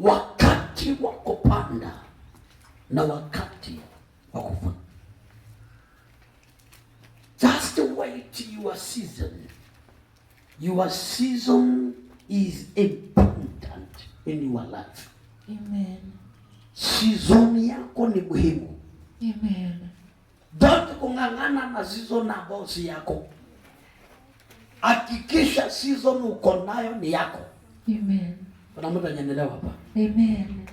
wakati wa kupanda na wakati wa kuvuna. Just wait your season. Your season is important in your life. Amen. Season yako ni muhimu. Amen. Don't kung'ang'ana na season na bosi yako. Hakikisha season uko nayo ni yako. Amen. Kuna mtu ananielewa hapa?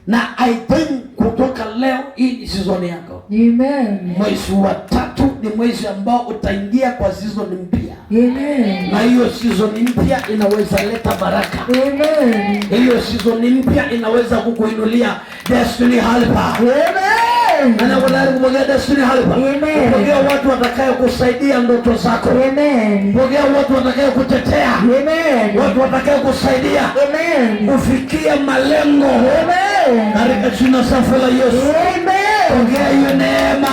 Na I think kutoka leo hii ni season yako. Mwezi wa tatu ni mwezi ambao utaingia kwa season mpya. Na hiyo season mpya inaweza leta baraka. Hiyo season mpya inaweza kukuinulia destiny helper. Amen. Niko tayari kupokea destiny hapa. Pokea watu watakao kusaidia ndoto zako. Pokea watu watakao kutetea. Watu watakao kusaidia kufikia malengo katika jina safi la Yesu. Pokea hiyo neema.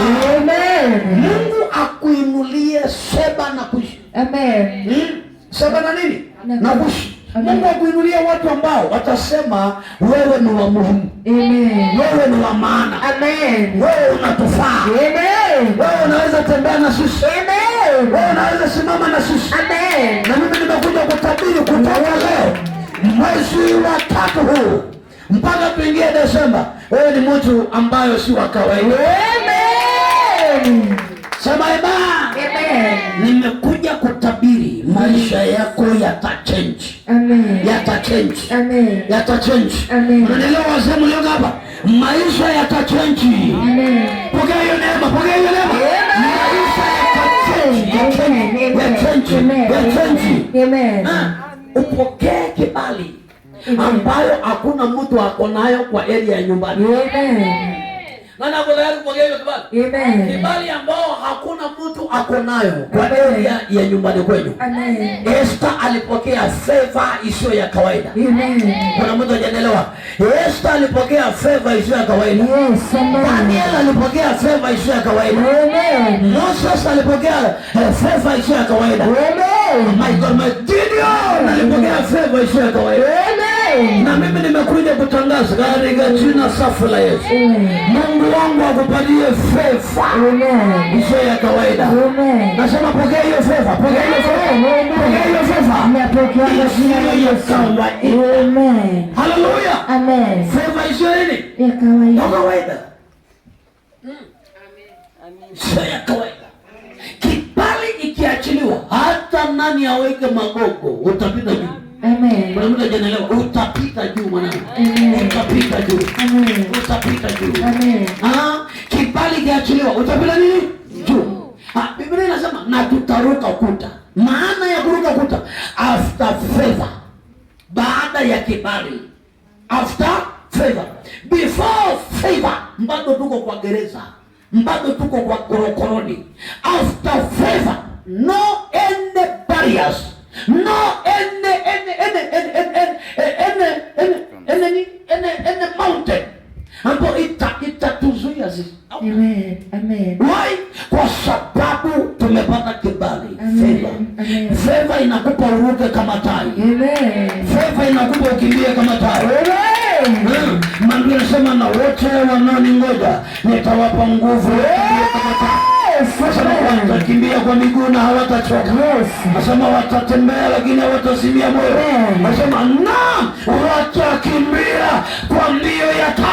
Mungu akuinulie seba na kushi. Amen. Hmm? Seba na nini? Na kushi. Mungu akuinulia watu ambao watasema wewe ni wa muhimu, Amen. wewe ni wa maana, Amen. wewe unatufaa, Amen. wewe unaweza tembea na sisi, Amen. wewe unaweza simama na sisi. Amen. Na mimi nimekuja kutabiri kutoka leo mwezi wa tatu huu mpaka tuingie Desemba, wewe ni mtu ambayo si wa kawaida. Amen. Sema amen kutabiri maisha yako yatachenji, yatachenji, yatachenji. Unaelewa wasemu leo hapa, maisha yatachenji. Pokea hiyo neema, pokea hiyo neema, maisha yatachenji, yatachenji. Ah, upokee kibali ambayo hakuna mtu ako nayo kwa area ya nyumbani. Amen na nako tayari kupokea hiyo kibali. Amen. Kibali ambao hakuna mtu ako nayo kwa ajili ya nyumbani kwenu. Amen. Esther alipokea favor isiyo ya kawaida. Amen. Kuna mtu hajanielewa. Esther alipokea favor isiyo ya kawaida. Yes, amen. Daniel alipokea favor isiyo ya kawaida. Amen. Moses alipokea eh, favor isiyo ya kawaida. Amen. My Gideon alipokea favor isiyo ya kawaida. Amen na mimi nimekuja kutangaza katika jina safi la Yesu, Mungu wangu akupatie feva isiyo ya kawaida. Nasema pokea hiyo fefa, pokea hiyo fefa, pokea hiyo fefa, feva isiyo ya kawaida. Haleluya, amen. Fefa isiyo nini? Ya kawaida, hmm. isiyo ya kawaida. Kibali ikiachiliwa, hata nani aweke magogo utapita juu Amen. jana leo utapita juu mwanangu. Utapita juu. Utapita juu. Ah, kibali kiachiliwa. Utapita nini? Juu. Ah, Biblia inasema na tutaruka ukuta. Maana ya kuruka ukuta after favor. Baada ya kibali. After favor. Before favor bado tuko kwa gereza. Bado tuko kwa korokoroni. After favor no any barriers. No Why? Kwa sababu tumepata kibali. Favor. Favor inakupa uruke kama tai. Amen. Favor inakupa ukimbie kama tai. Amen. Mungu hmm. anasema na wote wanaoningoja nitawapa nguvu. Sasa watakimbia kwa miguu na hawatachoka. Nasema watatembea lakini hawatasimia moyo. Nasema na watakimbia kwa mbio ya